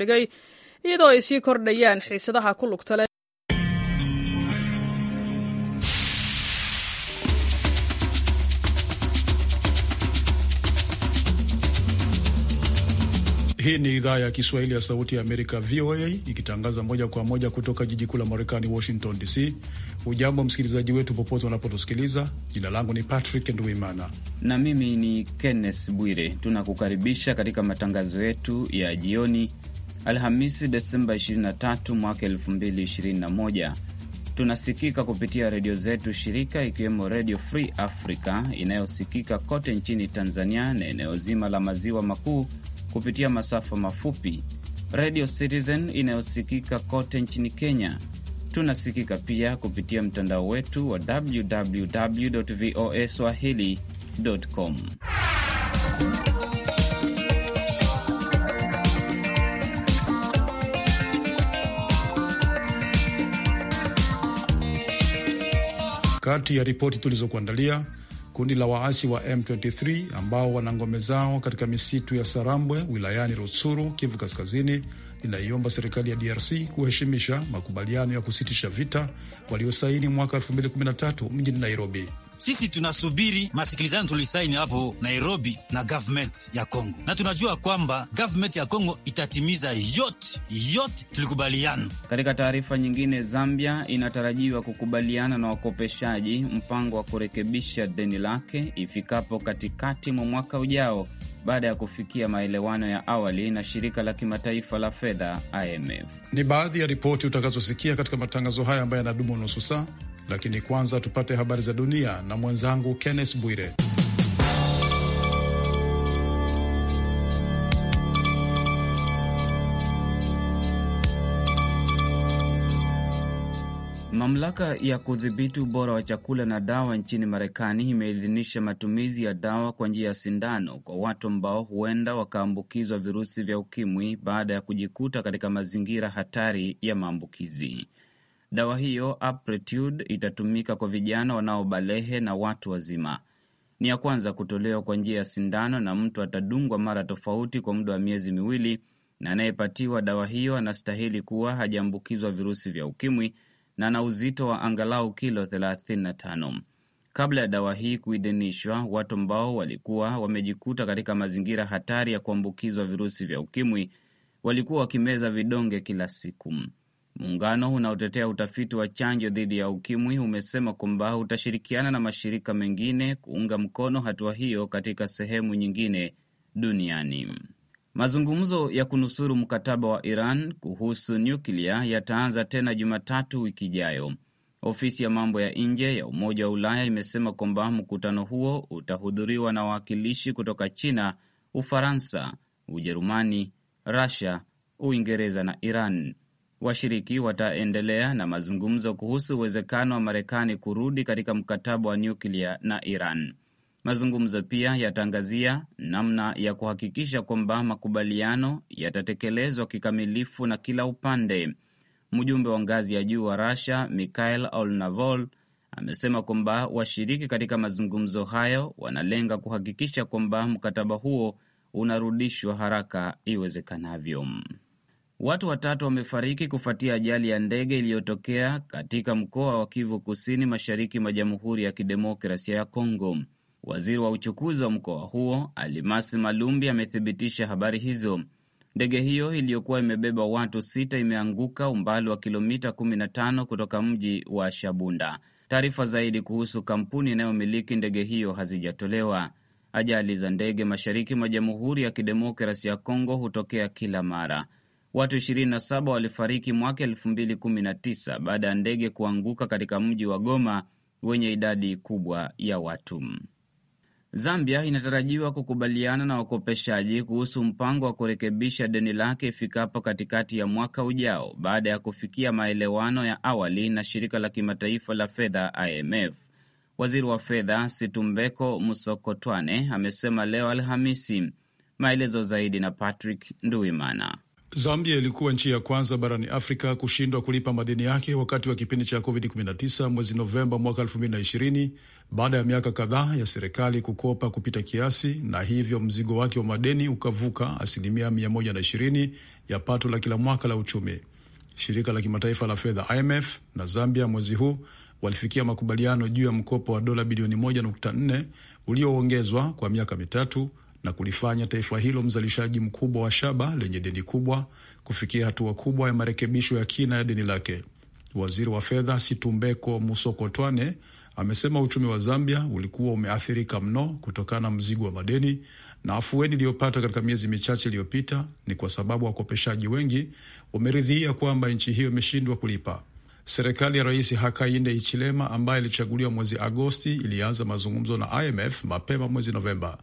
dhigay iyadoo ay sii kordhayaan xiisadaha ku lugta leh Hii ni idhaa ya Kiswahili ya Sauti ya Amerika, VOA, ikitangaza moja kwa moja kutoka jiji kuu la Marekani, Washington DC. Ujambo msikilizaji wetu, popote unapotusikiliza. Jina langu ni Patrick Nduimana na mimi ni Kenneth Bwire. Tunakukaribisha katika matangazo yetu ya jioni Alhamisi Desemba 23 mwaka 2021. Tunasikika kupitia redio zetu shirika ikiwemo Redio Free Africa inayosikika kote nchini Tanzania na eneo zima la maziwa makuu kupitia masafa mafupi, Redio Citizen inayosikika kote nchini Kenya. Tunasikika pia kupitia mtandao wetu wa www voa swahili com Kati ya ripoti tulizokuandalia, kundi la waasi wa M23 ambao wana ngome zao katika misitu ya Sarambwe wilayani Rutsuru, Kivu Kaskazini, linaiomba serikali ya DRC kuheshimisha makubaliano ya kusitisha vita waliosaini mwaka 2013 mjini Nairobi. Sisi tunasubiri masikilizano tulisaini hapo Nairobi na government ya congo na tunajua kwamba government ya congo itatimiza yote yote tulikubaliana. Katika taarifa nyingine, Zambia inatarajiwa kukubaliana na wakopeshaji mpango wa kurekebisha deni lake ifikapo katikati mwa mwaka ujao baada ya kufikia maelewano ya awali na shirika la kimataifa la fedha IMF. Ni baadhi ya ripoti utakazosikia katika matangazo haya ambayo yanadumu nusu saa lakini kwanza tupate habari za dunia na mwenzangu Kenneth Bwire. Mamlaka ya kudhibiti ubora wa chakula na dawa nchini Marekani imeidhinisha matumizi ya dawa kwa njia ya sindano kwa watu ambao huenda wakaambukizwa virusi vya ukimwi baada ya kujikuta katika mazingira hatari ya maambukizi. Dawa hiyo Apretude itatumika kwa vijana wanaobalehe na watu wazima. Ni ya kwanza kutolewa kwa njia ya sindano na mtu atadungwa mara tofauti kwa muda wa miezi miwili, na anayepatiwa dawa hiyo anastahili kuwa hajaambukizwa virusi vya ukimwi na ana uzito wa angalau kilo 35. Kabla ya dawa hii kuidhinishwa, watu ambao walikuwa wamejikuta katika mazingira hatari ya kuambukizwa virusi vya ukimwi walikuwa wakimeza vidonge kila siku. Muungano unaotetea utafiti wa chanjo dhidi ya ukimwi umesema kwamba utashirikiana na mashirika mengine kuunga mkono hatua hiyo katika sehemu nyingine duniani. Mazungumzo ya kunusuru mkataba wa Iran kuhusu nyuklia yataanza tena Jumatatu wiki ijayo. Ofisi ya mambo ya nje ya Umoja wa Ulaya imesema kwamba mkutano huo utahudhuriwa na wawakilishi kutoka China, Ufaransa, Ujerumani, rasia Uingereza na Iran washiriki wataendelea na mazungumzo kuhusu uwezekano wa Marekani kurudi katika mkataba wa nyuklia na Iran. Mazungumzo pia yataangazia namna ya kuhakikisha kwamba makubaliano yatatekelezwa kikamilifu na kila upande. Mjumbe wa ngazi ya juu wa Russia Mikhail Olnavol amesema kwamba washiriki katika mazungumzo hayo wanalenga kuhakikisha kwamba mkataba huo unarudishwa haraka iwezekanavyo. Watu watatu wamefariki kufuatia ajali ya ndege iliyotokea katika mkoa wa Kivu Kusini, mashariki mwa Jamhuri ya Kidemokrasia ya Kongo. Waziri wa uchukuzi wa mkoa huo Alimasi Malumbi amethibitisha habari hizo. Ndege hiyo iliyokuwa imebeba watu sita imeanguka umbali wa kilomita 15 kutoka mji wa Shabunda. Taarifa zaidi kuhusu kampuni inayomiliki ndege hiyo hazijatolewa. Ajali za ndege mashariki mwa Jamhuri ya Kidemokrasi ya Kongo hutokea kila mara. Watu 27 walifariki mwaka 2019 baada ya ndege kuanguka katika mji wa Goma wenye idadi kubwa ya watu. Zambia inatarajiwa kukubaliana na wakopeshaji kuhusu mpango wa kurekebisha deni lake ifikapo katikati ya mwaka ujao baada ya kufikia maelewano ya awali na shirika la kimataifa la fedha IMF. Waziri wa fedha Situmbeko Musokotwane amesema leo Alhamisi. Maelezo zaidi na Patrick Nduimana. Zambia ilikuwa nchi ya kwanza barani Afrika kushindwa kulipa madeni yake wakati wa kipindi cha COVID-19 mwezi Novemba mwaka 2020 baada ya miaka kadhaa ya serikali kukopa kupita kiasi na hivyo mzigo wake wa madeni ukavuka asilimia 120 ya pato la kila mwaka la uchumi. Shirika la kimataifa la fedha IMF na Zambia mwezi huu walifikia makubaliano juu ya mkopo wa dola bilioni 1.4 ulioongezwa kwa miaka mitatu na kulifanya taifa hilo mzalishaji mkubwa wa shaba lenye deni kubwa kufikia hatua kubwa ya marekebisho ya kina ya deni lake. Waziri wa fedha Situmbeko Musokotwane amesema uchumi wa Zambia ulikuwa umeathirika mno kutokana na mzigo wa madeni, na afueni iliyopata katika miezi michache iliyopita ni kwa sababu wakopeshaji wengi wameridhia kwamba nchi hiyo imeshindwa kulipa. Serikali ya Rais Hakainde Ichilema ambaye ilichaguliwa mwezi Agosti ilianza mazungumzo na IMF mapema mwezi Novemba.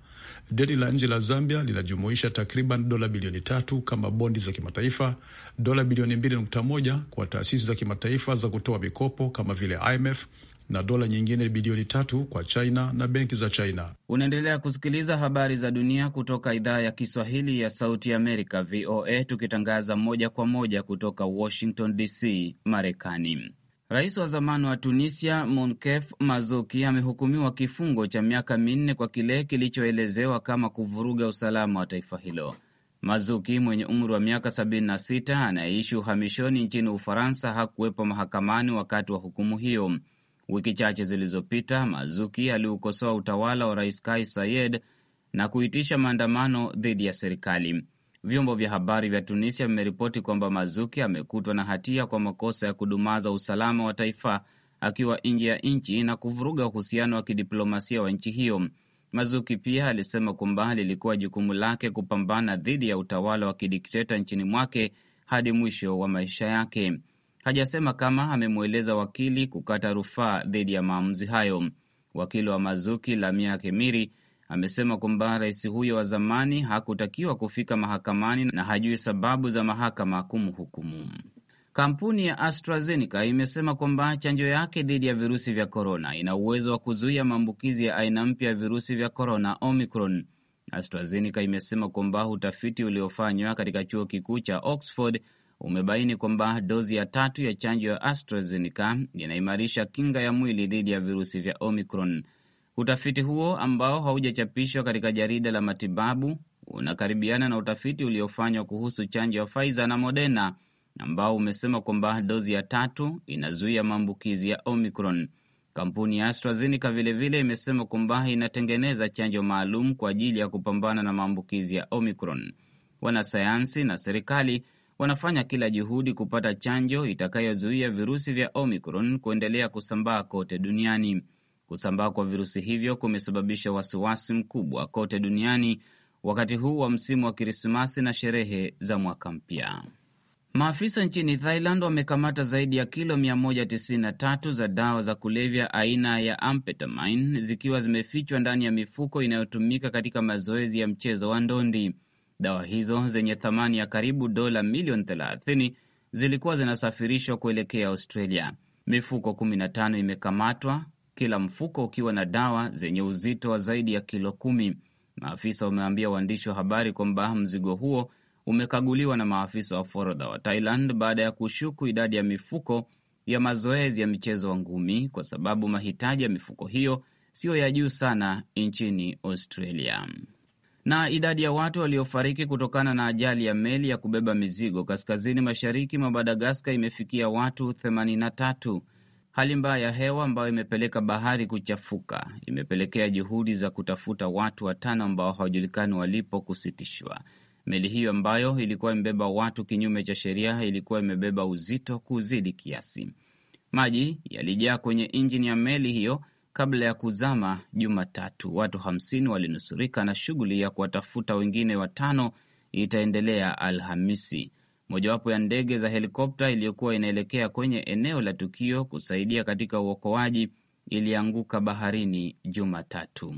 Deni la nje la Zambia linajumuisha takriban dola bilioni tatu kama bondi za kimataifa, dola bilioni mbili nukta moja kwa taasisi za kimataifa za kutoa mikopo kama vile IMF na dola nyingine bilioni tatu kwa China na benki za China. Unaendelea kusikiliza habari za dunia kutoka idhaa ya Kiswahili ya Sauti Amerika, VOA, tukitangaza moja kwa moja kutoka Washington DC, Marekani. Rais wa zamani wa Tunisia Monkef Mazuki amehukumiwa kifungo cha miaka minne kwa kile kilichoelezewa kama kuvuruga usalama wa taifa hilo. Mazuki mwenye umri wa miaka 76 anayeishi uhamishoni nchini Ufaransa hakuwepo mahakamani wakati wa hukumu hiyo. Wiki chache zilizopita, Mazuki aliukosoa utawala wa Rais Kai Sayed na kuitisha maandamano dhidi ya serikali. Vyombo vya habari vya Tunisia vimeripoti kwamba Mazuki amekutwa na hatia kwa makosa ya kudumaza usalama wa taifa akiwa nje ya nchi na kuvuruga uhusiano wa kidiplomasia wa nchi hiyo. Mazuki pia alisema kwamba lilikuwa jukumu lake kupambana dhidi ya utawala wa kidikteta nchini mwake hadi mwisho wa maisha yake hajasema kama amemweleza wakili kukata rufaa dhidi ya maamuzi hayo. Wakili wa Mazuki Lamia Kemiri amesema kwamba rais huyo wa zamani hakutakiwa kufika mahakamani na hajui sababu za mahakama kumhukumu. Kampuni ya AstraZeneca imesema kwamba chanjo yake dhidi ya virusi vya korona ina uwezo wa kuzuia maambukizi ya aina mpya ya virusi vya korona Omicron. AstraZeneca imesema kwamba utafiti uliofanywa katika chuo kikuu cha Oxford umebaini kwamba dozi ya tatu ya chanjo ya AstraZeneca inaimarisha kinga ya mwili dhidi ya virusi vya Omicron. Utafiti huo ambao haujachapishwa katika jarida la matibabu unakaribiana na utafiti uliofanywa kuhusu chanjo ya Pfizer na Moderna ambao umesema kwamba dozi ya tatu inazuia maambukizi ya Omicron. Kampuni ya AstraZeneca vilevile imesema kwamba inatengeneza chanjo maalum kwa ajili ya kupambana na maambukizi ya Omicron. Wanasayansi na serikali wanafanya kila juhudi kupata chanjo itakayozuia virusi vya Omicron kuendelea kusambaa kote duniani. Kusambaa kwa virusi hivyo kumesababisha wasiwasi mkubwa kote duniani wakati huu wa msimu wa Krismasi na sherehe za mwaka mpya. Maafisa nchini Thailand wamekamata zaidi ya kilo 193 za dawa za kulevya aina ya amphetamine zikiwa zimefichwa ndani ya mifuko inayotumika katika mazoezi ya mchezo wa ndondi. Dawa hizo zenye thamani ya karibu dola milioni 30 zilikuwa zinasafirishwa kuelekea Australia. Mifuko 15 imekamatwa, kila mfuko ukiwa na dawa zenye uzito wa zaidi ya kilo kumi. Maafisa wameambia waandishi wa habari kwamba mzigo huo umekaguliwa na maafisa wa forodha wa Thailand baada ya kushuku idadi ya mifuko ya mazoezi ya michezo wa ngumi kwa sababu mahitaji ya mifuko hiyo siyo ya juu sana nchini Australia na idadi ya watu waliofariki kutokana na ajali ya meli ya kubeba mizigo kaskazini mashariki mwa Madagaskar imefikia watu 83. Hali mbaya ya hewa ambayo imepeleka bahari kuchafuka imepelekea juhudi za kutafuta watu watano ambao hawajulikani walipo kusitishwa. Meli hiyo ambayo ilikuwa imebeba watu kinyume cha sheria ilikuwa imebeba uzito kuzidi kiasi. Maji yalijaa kwenye injini ya meli hiyo kabla ya kuzama Jumatatu. Watu hamsini walinusurika na shughuli ya kuwatafuta wengine watano itaendelea Alhamisi. Mojawapo ya ndege za helikopta iliyokuwa inaelekea kwenye eneo la tukio kusaidia katika uokoaji ilianguka baharini Jumatatu.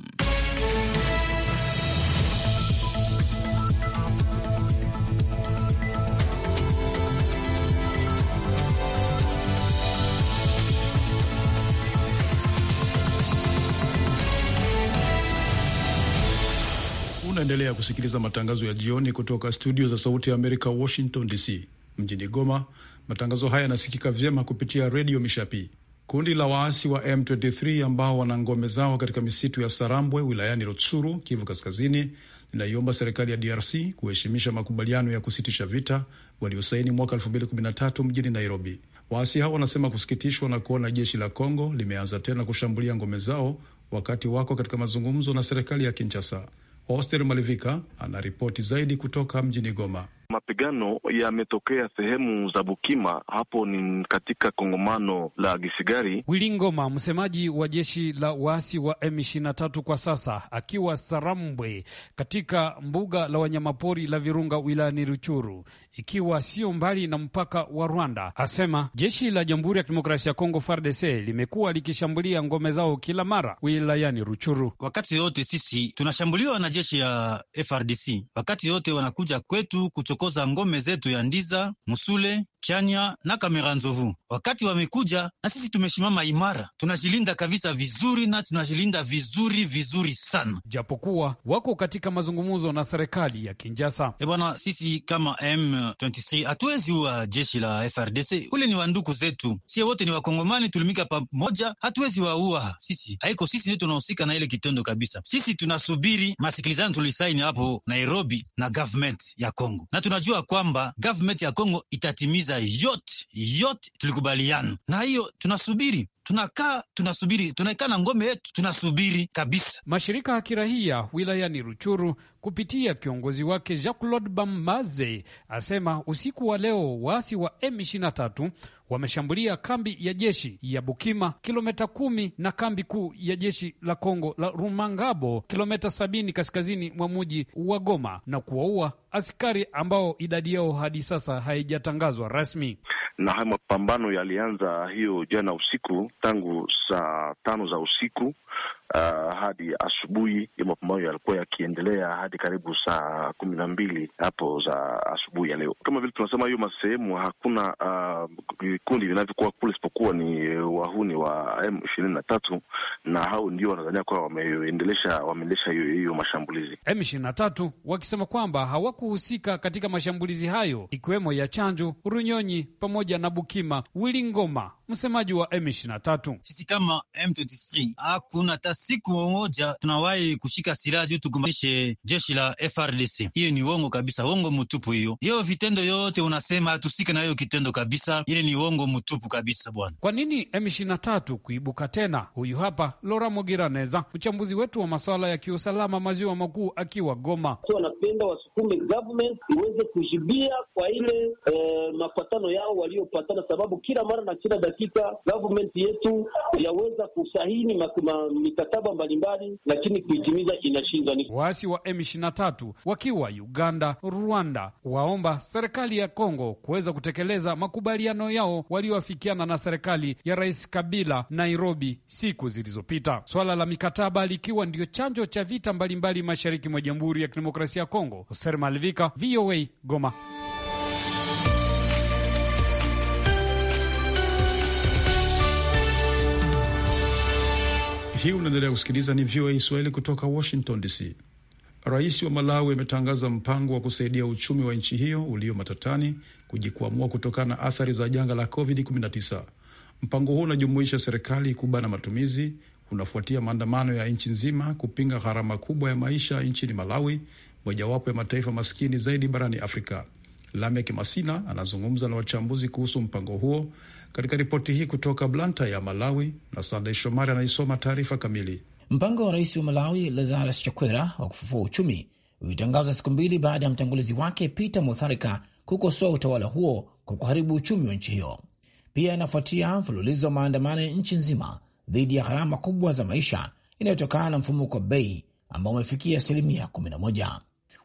Unaendelea kusikiliza matangazo ya jioni kutoka studio za Sauti ya Amerika, Washington DC. Mjini Goma, matangazo haya yanasikika vyema kupitia redio Mishapi. Kundi la waasi wa M23 ambao wana ngome zao katika misitu ya Sarambwe wilayani Rutsuru, Kivu Kaskazini, linaiomba serikali ya DRC kuheshimisha makubaliano ya kusitisha vita waliosaini mwaka 2013 mjini Nairobi. Waasi hao wanasema kusikitishwa na kuona jeshi la Kongo limeanza tena kushambulia ngome zao wakati wako katika mazungumzo na serikali ya Kinshasa. Oster Malivika anaripoti zaidi kutoka mjini Goma. Mapigano yametokea sehemu za Bukima, hapo ni katika kongomano la Gisigari. Wilingoma, msemaji wa jeshi la waasi wa M23 kwa sasa, akiwa Sarambwe katika mbuga la wanyamapori la Virunga wilayani Ruchuru, ikiwa sio mbali na mpaka wa Rwanda, asema jeshi la Jamhuri ya Kidemokrasia ya Kongo FARDC limekuwa likishambulia ngome zao kila mara wilayani Ruchuru. Wakati yote sisi tunashambuliwa na jeshi ya FRDC, wakati yote wanakuja kwetu kucho tunakoza ngome zetu ya Ndiza, Musule, chanya na Kamera Nzovu. Wakati wamekuja na sisi tumesimama imara, tunajilinda kabisa vizuri na tunajilinda vizuri vizuri sana, japokuwa wako katika mazungumzo na serikali ya Kinjasa. E eh, bwana, sisi kama M23 hatuwezi uwa jeshi la FRDC, kule ni wanduku zetu, sie wote ni Wakongomani, tulimika pamoja, hatuwezi waua sisi, haiko sisi ndio tunahusika na ile kitendo kabisa. Sisi tunasubiri masikilizano tulisaini hapo Nairobi na government ya Kongo, na tunajua kwamba government ya Kongo itatimiza tulimaliza yote yote tulikubaliana na hiyo, tunasubiri tunakaa tunasubiri, tunaikaa na ngome yetu, tunasubiri kabisa. Mashirika ya kirahia wilayani Ruchuru kupitia kiongozi wake Jean Claude Bambaze asema usiku wa leo waasi wa M23 wameshambulia kambi ya jeshi ya Bukima kilomita kumi na kambi kuu ya jeshi la Kongo la Rumangabo kilomita sabini kaskazini mwa mji wa Goma na kuwaua askari ambao idadi yao hadi sasa haijatangazwa rasmi. Na hayo mapambano yalianza hiyo jana usiku tangu saa tano za usiku uh, hadi asubuhi. Mapambano yalikuwa yakiendelea hadi karibu saa kumi na mbili hapo za asubuhi ya leo. Kama vile tunasema, hiyo masehemu hakuna uh, vikundi uh, vinavyokuwa kule isipokuwa ni wahuni wa M ishirini na tatu, na hao ndio wanadhania kuwa wameendelesha wameendesha hiyo mashambulizi M ishirini na tatu, wakisema kwamba hawakuhusika katika mashambulizi hayo ikiwemo ya Chanjo, Runyonyi pamoja na Bukima. Wili Ngoma, msemaji wa M ishirini na tatu: sisi kama M23 hakuna hata siku moja tunawahi kushika silaha juu tugombanishe jeshi la FRDC. Hiyo ni uongo kabisa, uongo mtupu hiyo. Hiyo vitendo yote unasema hatusike na hiyo kitendo kabisa, ile ni uongo mtupu kabisa bwana. Kwa nini M23 kuibuka tena? Huyu hapa Lora Mogiraneza, mchambuzi wetu wa masuala ya kiusalama maziwa makuu, akiwa Goma. Wanapenda wasukume government iweze kujibia kwa ile eh, mapatano yao waliopatana, sababu kila mara na kila dakika government yetu yaweza kusahini mikakati mikataba mbalimbali, lakini kuitimiza inashindwa. Ni waasi wa M23 wakiwa Uganda, Rwanda waomba serikali ya Kongo kuweza kutekeleza makubaliano yao walioafikiana na serikali ya Rais Kabila Nairobi siku zilizopita, swala la mikataba likiwa ndio chanjo cha vita mbalimbali mbali mashariki mwa Jamhuri ya Kidemokrasia ya Kongo. Hoser Malvika, VOA, Goma. hii unaendelea kusikiliza ni VOA Swahili kutoka Washington DC. Rais wa Malawi ametangaza mpango wa kusaidia uchumi wa nchi hiyo ulio matatani kujikwamua kutokana na athari za janga la COVID-19. Mpango huu unajumuisha serikali kubana matumizi, unafuatia maandamano ya nchi nzima kupinga gharama kubwa ya maisha nchini Malawi, mojawapo ya mataifa maskini zaidi barani Afrika. Lamek Masina anazungumza na wachambuzi kuhusu mpango huo katika ripoti hii kutoka Blanta ya Malawi, na Sandey Shomari anaisoma taarifa kamili. Mpango wa rais wa Malawi Lazarus Chakwera wa kufufua uchumi ulitangaza siku mbili baada ya mtangulizi wake Peter Mutharika kukosoa utawala huo kwa kuharibu uchumi wa nchi hiyo. Pia inafuatia mfululizo wa maandamano ya nchi nzima dhidi ya gharama kubwa za maisha inayotokana na mfumuko wa bei ambao umefikia asilimia 11.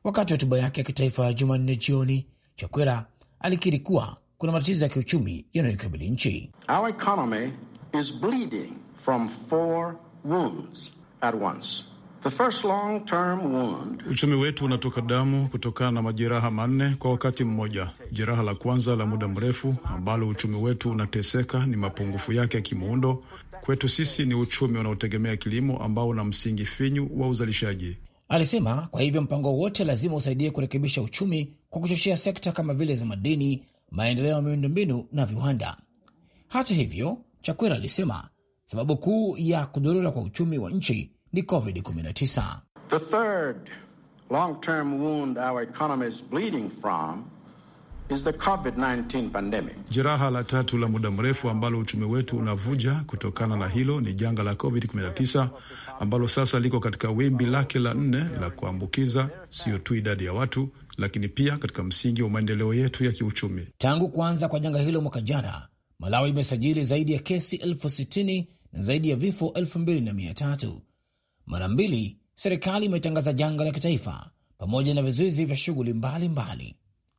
Wakati wa hotuba yake ya kitaifa ya Jumanne jioni, Chakwera alikiri kuwa kuna matatizo ya kiuchumi yanayoikabili nchi. Our economy is bleeding from four wounds at once. The first long term wound. Uchumi wetu unatoka damu kutokana na majeraha manne kwa wakati mmoja. Jeraha la kwanza la muda mrefu ambalo uchumi wetu unateseka ni mapungufu yake ya kimuundo. Kwetu sisi ni uchumi unaotegemea kilimo ambao una msingi finyu wa uzalishaji, alisema. Kwa hivyo mpango wote lazima usaidie kurekebisha uchumi kwa kuchochea sekta kama vile za madini, maendeleo ya miundombinu na viwanda. Hata hivyo, Chakwera alisema sababu kuu ya kudorora kwa uchumi wa nchi ni COVID-19 is the COVID-19 pandemic. Jeraha la tatu la muda mrefu ambalo uchumi wetu unavuja kutokana na hilo ni janga la COVID-19 ambalo sasa liko katika wimbi lake la nne la kuambukiza, siyo tu idadi ya watu, lakini pia katika msingi wa maendeleo yetu ya kiuchumi. Tangu kuanza kwa janga hilo mwaka jana, Malawi imesajili zaidi ya kesi elfu sitini na zaidi ya vifo elfu mbili na mia tatu. Mara mbili serikali imetangaza janga la kitaifa pamoja na vizuizi vya shughuli mbalimbali.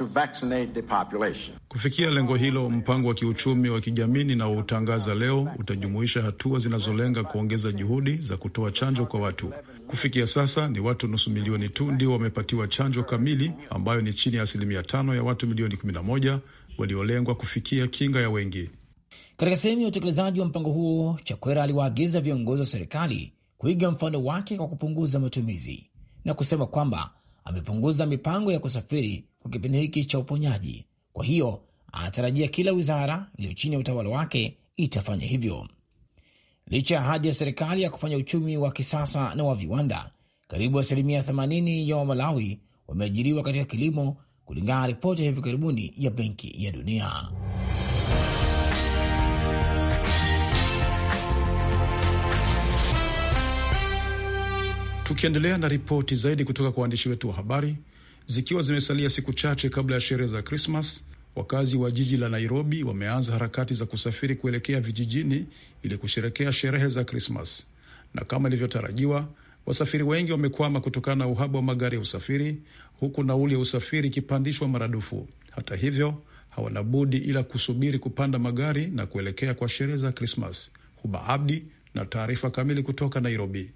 to vaccinate the population. Kufikia lengo hilo, mpango wa kiuchumi wa kijamii ninaoutangaza leo utajumuisha hatua zinazolenga kuongeza juhudi za kutoa chanjo kwa watu. Kufikia sasa ni watu nusu milioni tu ndio wamepatiwa chanjo kamili, ambayo ni chini ya asilimia tano ya watu milioni 11 waliolengwa kufikia kinga ya wengi. Katika sehemu ya utekelezaji wa mpango huo, Chakwera aliwaagiza viongozi wa serikali kuiga mfano wake kwa kupunguza matumizi na kusema kwamba amepunguza mipango ya kusafiri kwa kipindi hiki cha uponyaji. Kwa hiyo anatarajia kila wizara iliyo chini ya utawala wake itafanya hivyo. Licha ya ahadi ya serikali ya kufanya uchumi wa kisasa na wa viwanda, karibu asilimia 80 ya Wamalawi wameajiriwa katika kilimo, kulingana na ripoti ya hivi karibuni ya Benki ya Dunia. Tukiendelea na ripoti zaidi kutoka kwa waandishi wetu wa habari, Zikiwa zimesalia siku chache kabla ya sherehe za Krismas, wakazi wa jiji la Nairobi wameanza harakati za kusafiri kuelekea vijijini ili kusherekea sherehe za Krismas, na kama ilivyotarajiwa wasafiri wengi wamekwama kutokana na uhaba wa magari ya usafiri, huku nauli ya usafiri ikipandishwa maradufu. Hata hivyo, hawana budi ila kusubiri kupanda magari na kuelekea kwa sherehe za Krismas. Huba Abdi na taarifa kamili kutoka Nairobi.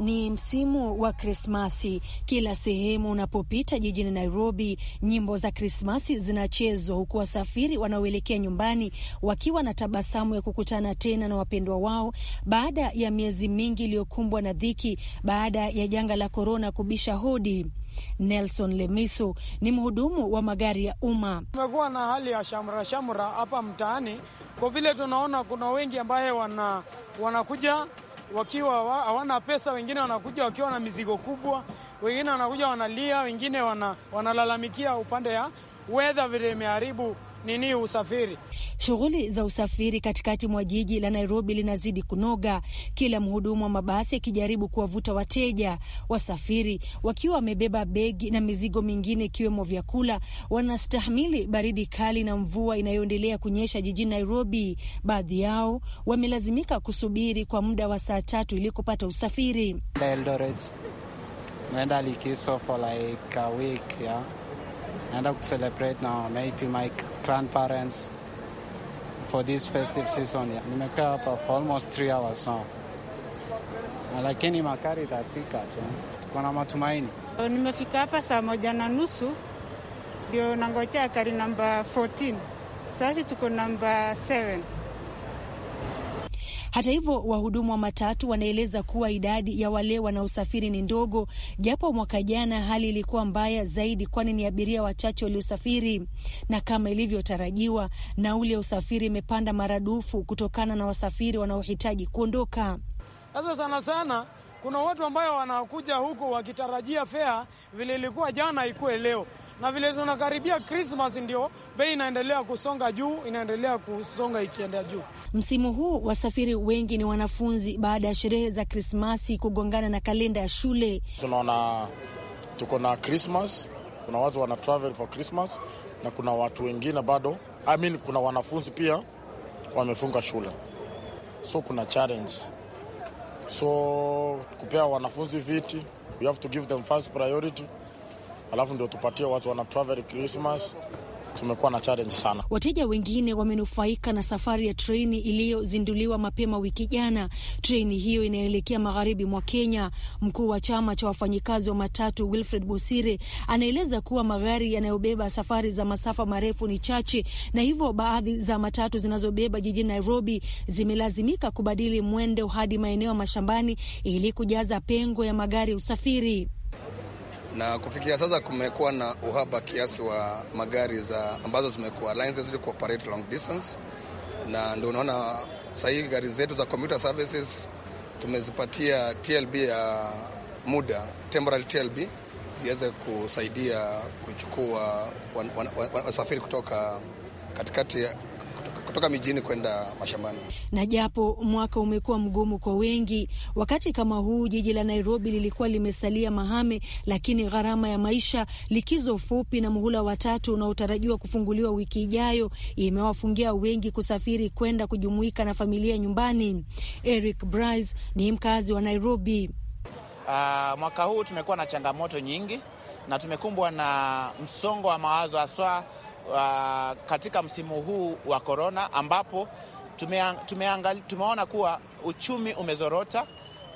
Ni msimu wa Krismasi. Kila sehemu unapopita jijini Nairobi, nyimbo za Krismasi zinachezwa, huku wasafiri wanaoelekea nyumbani wakiwa na tabasamu ya kukutana tena na wapendwa wao baada ya miezi mingi iliyokumbwa na dhiki baada ya janga la korona kubisha hodi. Nelson Lemiso ni mhudumu wa magari ya umma. Tumekuwa na hali ya shamra shamra hapa mtaani, kwa vile tunaona kuna wengi ambaye wana wanakuja wakiwa hawana pesa, wengine wanakuja wakiwa na mizigo kubwa, wengine wanakuja wanalia, wengine wanalalamikia upande ya wedha vile imeharibu nini usafiri. Shughuli za usafiri katikati mwa jiji la Nairobi linazidi kunoga, kila mhudumu wa mabasi akijaribu kuwavuta wateja. Wasafiri wakiwa wamebeba begi na mizigo mingine ikiwemo vyakula, wanastahimili baridi kali na mvua inayoendelea kunyesha jijini Nairobi. Baadhi yao wamelazimika kusubiri kwa muda wa saa tatu ili kupata usafiri. Eldoret naenda Likiso for like a week, yeah. naenda kucelebrate na maybe Mike grandparents for this festive season. Yeah. Nimekaa hapa for almost three hours now, lakini makari itafika tu, kuna matumaini. Oh, nimefika hapa saa moja na nusu ndio nangojea kari namba 14. Sasa tuko namba 7. Hata hivyo, wahudumu wa matatu wanaeleza kuwa idadi ya wale wanaosafiri ni ndogo, japo mwaka jana hali ilikuwa mbaya zaidi, kwani ni abiria wachache waliosafiri. Na kama ilivyotarajiwa, nauli ya usafiri imepanda maradufu kutokana na wasafiri wanaohitaji kuondoka. Sasa sana sana kuna watu ambayo wanakuja huku wakitarajia fea vile ilikuwa jana ikuwe leo, na vile tunakaribia Krismas ndio bei inaendelea kusonga juu, inaendelea kusonga ikienda juu. Msimu huu wasafiri wengi ni wanafunzi, baada ya sherehe za Krismasi kugongana na kalenda ya shule. Tunaona tuko na Krismas, kuna watu wana travel for Krismas na kuna watu wengine bado I mean, kuna wanafunzi pia wamefunga shule, so kuna challenge, so kupea wanafunzi viti, we have to give them first priority, alafu ndio tupatie watu wana travel Krismas tumekuwa na challenge sana. Wateja wengine wamenufaika na safari ya treni iliyozinduliwa mapema wiki jana. Treni hiyo inaelekea magharibi mwa Kenya. Mkuu wa chama cha wafanyikazi wa matatu Wilfred Bosire anaeleza kuwa magari yanayobeba safari za masafa marefu ni chache, na hivyo baadhi za matatu zinazobeba jijini Nairobi zimelazimika kubadili mwendo hadi maeneo ya mashambani ili kujaza pengo ya magari ya usafiri na kufikia sasa kumekuwa na uhaba kiasi wa magari za ambazo zimekuwa licensed ku operate long distance, na ndio unaona sahii gari zetu za commuter services tumezipatia TLB ya muda temporary TLB ziweze kusaidia kuchukua wasafiri kutoka katikati kutoka mijini kwenda mashambani. Na japo mwaka umekuwa mgumu kwa wengi, wakati kama huu jiji la Nairobi lilikuwa limesalia mahame, lakini gharama ya maisha, likizo fupi na muhula watatu unaotarajiwa kufunguliwa wiki ijayo imewafungia wengi kusafiri kwenda kujumuika na familia nyumbani. Eric Brice ni mkazi wa Nairobi. Uh, mwaka huu tumekuwa na changamoto nyingi na tumekumbwa na msongo wa mawazo haswa uh, katika msimu huu wa korona ambapo tumeangali, tumeona kuwa uchumi umezorota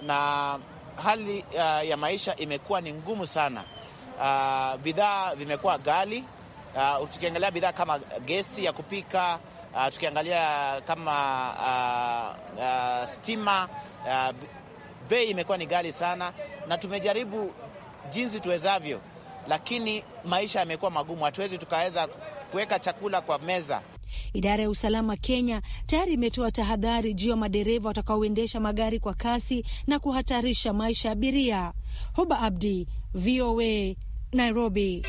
na hali uh, ya maisha imekuwa ni ngumu sana. Uh, bidhaa vimekuwa ghali. Uh, tukiangalia bidhaa kama gesi ya kupika uh, tukiangalia kama uh, uh, stima uh, bei imekuwa ni ghali sana, na tumejaribu jinsi tuwezavyo, lakini maisha yamekuwa magumu. Hatuwezi tukaweza kuweka chakula kwa meza. Idara ya usalama Kenya tayari imetoa tahadhari juu ya madereva watakaoendesha magari kwa kasi na kuhatarisha maisha ya abiria. Hoba Abdi, VOA, Nairobi.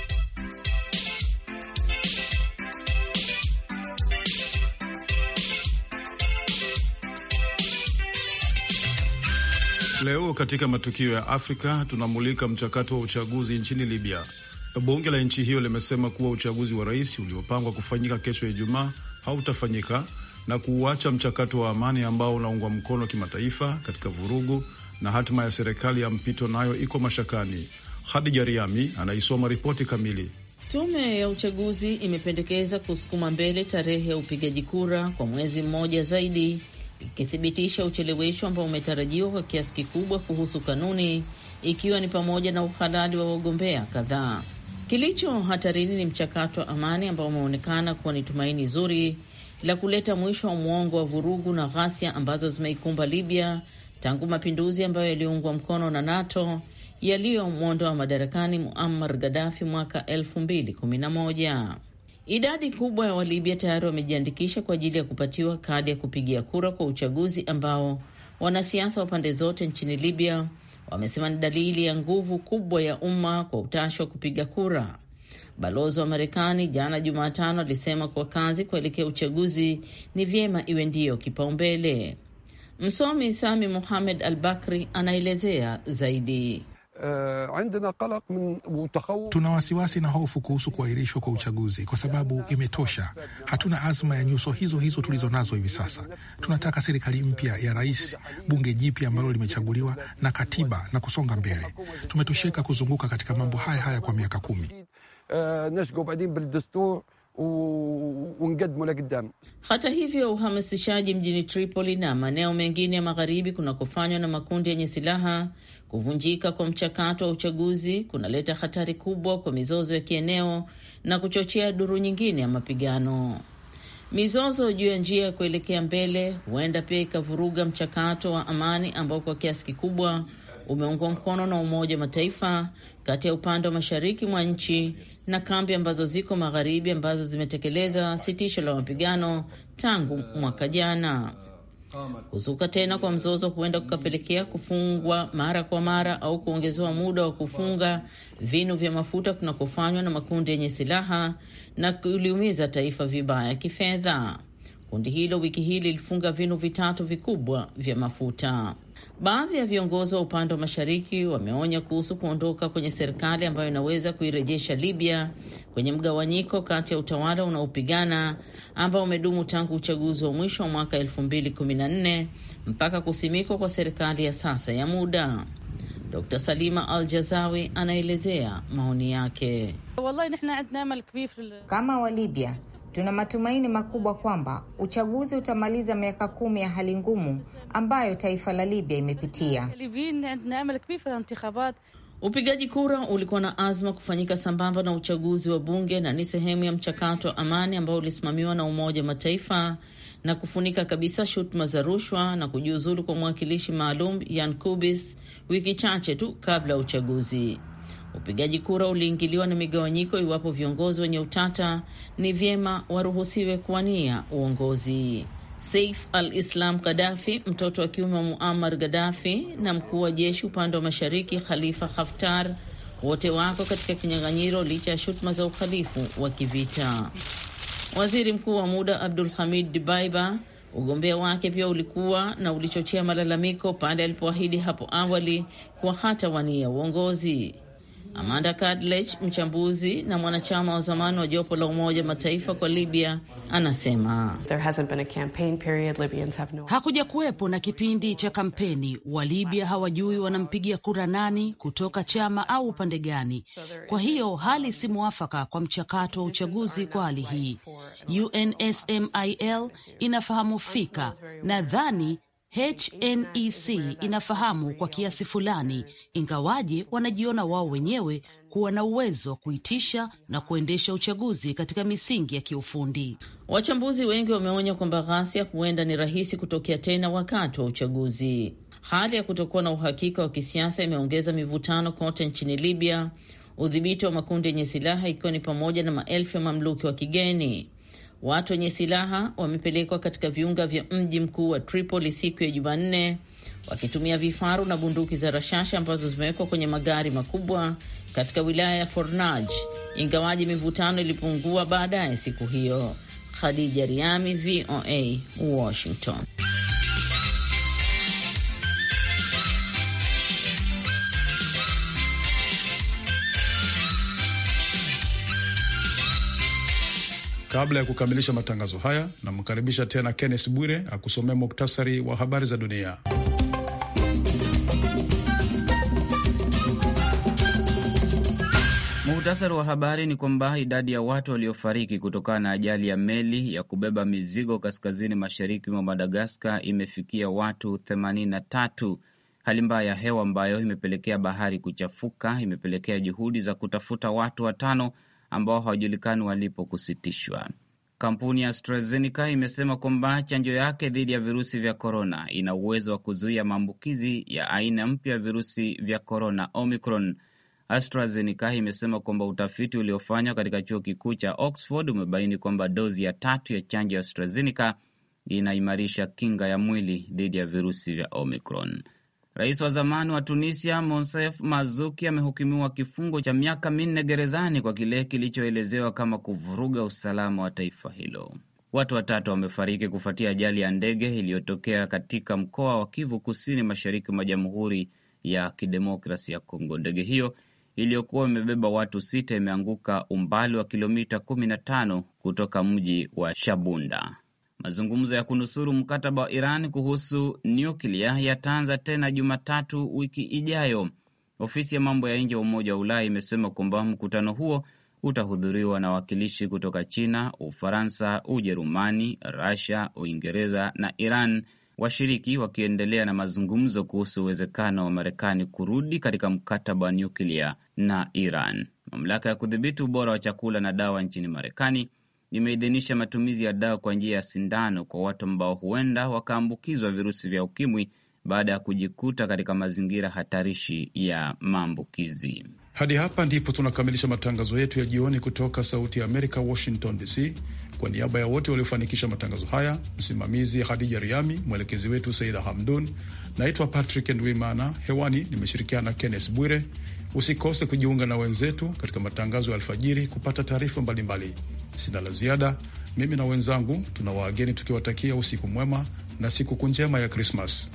Leo katika matukio ya Afrika tunamulika mchakato wa uchaguzi nchini Libya. Bunge la nchi hiyo limesema kuwa uchaguzi wa rais uliopangwa kufanyika kesho ya Ijumaa hautafanyika na kuuacha mchakato wa amani ambao unaungwa mkono kimataifa katika vurugu na hatima ya serikali ya mpito nayo iko mashakani. Hadija Riami anaisoma ripoti kamili. Tume ya uchaguzi imependekeza kusukuma mbele tarehe ya upigaji kura kwa mwezi mmoja zaidi, ikithibitisha uchelewesho ambao umetarajiwa kwa kiasi kikubwa kuhusu kanuni, ikiwa ni pamoja na uhalali wa wagombea kadhaa. Kilicho hatarini ni mchakato wa amani ambao umeonekana kuwa ni tumaini zuri la kuleta mwisho wa mwongo wa vurugu na ghasia ambazo zimeikumba Libya tangu mapinduzi ambayo yaliungwa mkono na NATO yaliyomwondoa madarakani Muammar Gaddafi mwaka 2011. Idadi kubwa ya Walibya tayari wamejiandikisha kwa ajili ya kupatiwa kadi ya kupigia kura kwa uchaguzi ambao wanasiasa wa pande zote nchini Libya wamesema ni dalili ya nguvu kubwa ya umma kwa utashi wa kupiga kura. Balozi wa Marekani jana Jumatano alisema kuwa kazi kuelekea uchaguzi ni vyema iwe ndiyo kipaumbele. Msomi Sami muhamed Al Bakri anaelezea zaidi. Uh, Tuna wasiwasi na hofu kuhusu kuahirishwa kwa uchaguzi kwa sababu imetosha. Hatuna azma ya nyuso hizo hizo tulizo nazo hivi sasa. Tunataka serikali mpya ya rais, bunge jipya ambalo limechaguliwa na katiba na kusonga mbele. Tumetosheka kuzunguka katika mambo haya haya kwa miaka kumi. Uh, Hata hivyo, uhamasishaji mjini Tripoli na maeneo mengine ya magharibi kunakofanywa na makundi yenye silaha Kuvunjika kwa mchakato wa uchaguzi kunaleta hatari kubwa kwa mizozo ya kieneo na kuchochea duru nyingine ya mapigano. Mizozo juu ya njia ya kuelekea mbele huenda pia ikavuruga mchakato wa amani ambao kwa kiasi kikubwa umeungwa mkono na Umoja wa Mataifa kati ya upande wa mashariki mwa nchi na kambi ambazo ziko magharibi ambazo zimetekeleza sitisho la mapigano tangu mwaka jana. Kuzuka tena kwa mzozo huenda kukapelekea kufungwa mara kwa mara au kuongezewa muda wa kufunga vinu vya mafuta kunakofanywa na makundi yenye silaha na kuliumiza taifa vibaya kifedha. Kundi hilo wiki hii lilifunga vinu vitatu vikubwa vya mafuta. Baadhi ya viongozi wa upande wa mashariki wameonya kuhusu kuondoka kwenye serikali ambayo inaweza kuirejesha Libya kwenye mgawanyiko kati ya utawala unaopigana ambao umedumu tangu uchaguzi wa mwisho wa mwaka elfu mbili kumi na nne mpaka kusimikwa kwa serikali ya sasa ya muda. Dr. Salima Al-Jazawi anaelezea maoni yake. Kama Walibya Tuna matumaini makubwa kwamba uchaguzi utamaliza miaka kumi ya hali ngumu ambayo taifa la Libya imepitia. Upigaji kura ulikuwa na azma kufanyika sambamba na uchaguzi wa bunge na ni sehemu ya mchakato wa amani ambao ulisimamiwa na Umoja wa Mataifa na kufunika kabisa shutuma za rushwa na kujiuzulu kwa mwakilishi maalum Yan Kubis wiki chache tu kabla ya uchaguzi. Upigaji kura uliingiliwa na migawanyiko iwapo viongozi wenye utata ni vyema waruhusiwe kuwania uongozi. Saif al-Islam Gaddafi, mtoto wa kiume wa Muammar Gaddafi, na mkuu wa jeshi upande wa mashariki Khalifa Haftar, wote wako katika kinyang'anyiro licha ya shutuma za uhalifu wa kivita. Waziri mkuu wa muda Abdul Hamid Dibaiba, ugombea wake pia ulikuwa na ulichochea malalamiko pale alipoahidi hapo awali kuwa wania uongozi. Amanda kadlech mchambuzi na mwanachama wa zamani wa jopo la Umoja Mataifa kwa Libya, anasema no... hakuja kuwepo na kipindi cha kampeni. Wa Libya hawajui wanampigia kura nani kutoka chama au upande gani. Kwa hiyo hali si mwafaka kwa mchakato wa uchaguzi. Kwa hali hii, UNSMIL inafahamu fika, nadhani HNEC inafahamu kwa kiasi fulani, ingawaje wanajiona wao wenyewe kuwa na uwezo wa kuitisha na kuendesha uchaguzi katika misingi ya kiufundi. Wachambuzi wengi wameonya kwamba ghasia huenda ni rahisi kutokea tena wakati wa uchaguzi. Hali ya kutokuwa na uhakika wa kisiasa imeongeza mivutano kote nchini Libya, udhibiti wa makundi yenye silaha ikiwa ni pamoja na maelfu ya mamluki wa kigeni. Watu wenye silaha wamepelekwa katika viunga vya mji mkuu wa Tripoli siku ya Jumanne wakitumia vifaru na bunduki za rashasha ambazo zimewekwa kwenye magari makubwa katika wilaya ya Fornaj, ingawaji mivutano ilipungua baadaye siku hiyo. Khadija Riami, VOA, Washington. Kabla ya kukamilisha matangazo haya, namkaribisha tena Kenneth Bwire akusomea muktasari wa habari za dunia. Muhtasari wa habari ni kwamba idadi ya watu waliofariki kutokana na ajali ya meli ya kubeba mizigo kaskazini mashariki mwa Madagaskar imefikia watu 83. Hali mbaya ya hewa ambayo imepelekea bahari kuchafuka imepelekea juhudi za kutafuta watu watano ambao hawajulikani walipo kusitishwa. Kampuni ya AstraZeneca imesema kwamba chanjo yake dhidi ya virusi vya korona ina uwezo wa kuzuia maambukizi ya aina mpya ya virusi vya korona Omicron. AstraZeneca imesema kwamba utafiti uliofanywa katika chuo kikuu cha Oxford umebaini kwamba dozi ya tatu ya chanjo ya AstraZeneca inaimarisha kinga ya mwili dhidi ya virusi vya Omicron. Rais wa zamani wa Tunisia Monsef Mazuki amehukumiwa kifungo cha miaka minne gerezani kwa kile kilichoelezewa kama kuvuruga usalama wa taifa hilo. Watu watatu wamefariki kufuatia ajali ya ndege iliyotokea katika mkoa wa Kivu Kusini, mashariki mwa Jamhuri ya Kidemokrasi ya Kongo. Ndege hiyo iliyokuwa imebeba watu sita imeanguka umbali wa kilomita 15 kutoka mji wa Shabunda mazungumzo ya kunusuru mkataba wa Iran kuhusu nyuklia yataanza tena Jumatatu wiki ijayo. Ofisi ya mambo ya nje ya Umoja wa Ulaya imesema kwamba mkutano huo utahudhuriwa na wawakilishi kutoka China, Ufaransa, Ujerumani, Russia, Uingereza na Iran, washiriki wakiendelea na mazungumzo kuhusu uwezekano wa Marekani kurudi katika mkataba wa nyuklia na Iran. Mamlaka ya kudhibiti ubora wa chakula na dawa nchini Marekani imeidhinisha matumizi ya dawa kwa njia ya sindano kwa watu ambao huenda wakaambukizwa virusi vya ukimwi baada ya kujikuta katika mazingira hatarishi ya maambukizi. Hadi hapa ndipo tunakamilisha matangazo yetu ya jioni kutoka Sauti ya Amerika, Washington DC. Kwa niaba ya wote waliofanikisha matangazo haya, msimamizi Hadija Riami, mwelekezi wetu Saida Hamdun. Naitwa Patrick Ndwimana, hewani nimeshirikiana na Kenneth Bwire. Usikose kujiunga na wenzetu katika matangazo ya alfajiri kupata taarifa mbalimbali. Sina la ziada, mimi na wenzangu tuna waageni tukiwatakia usiku mwema na sikukuu njema ya Krismas.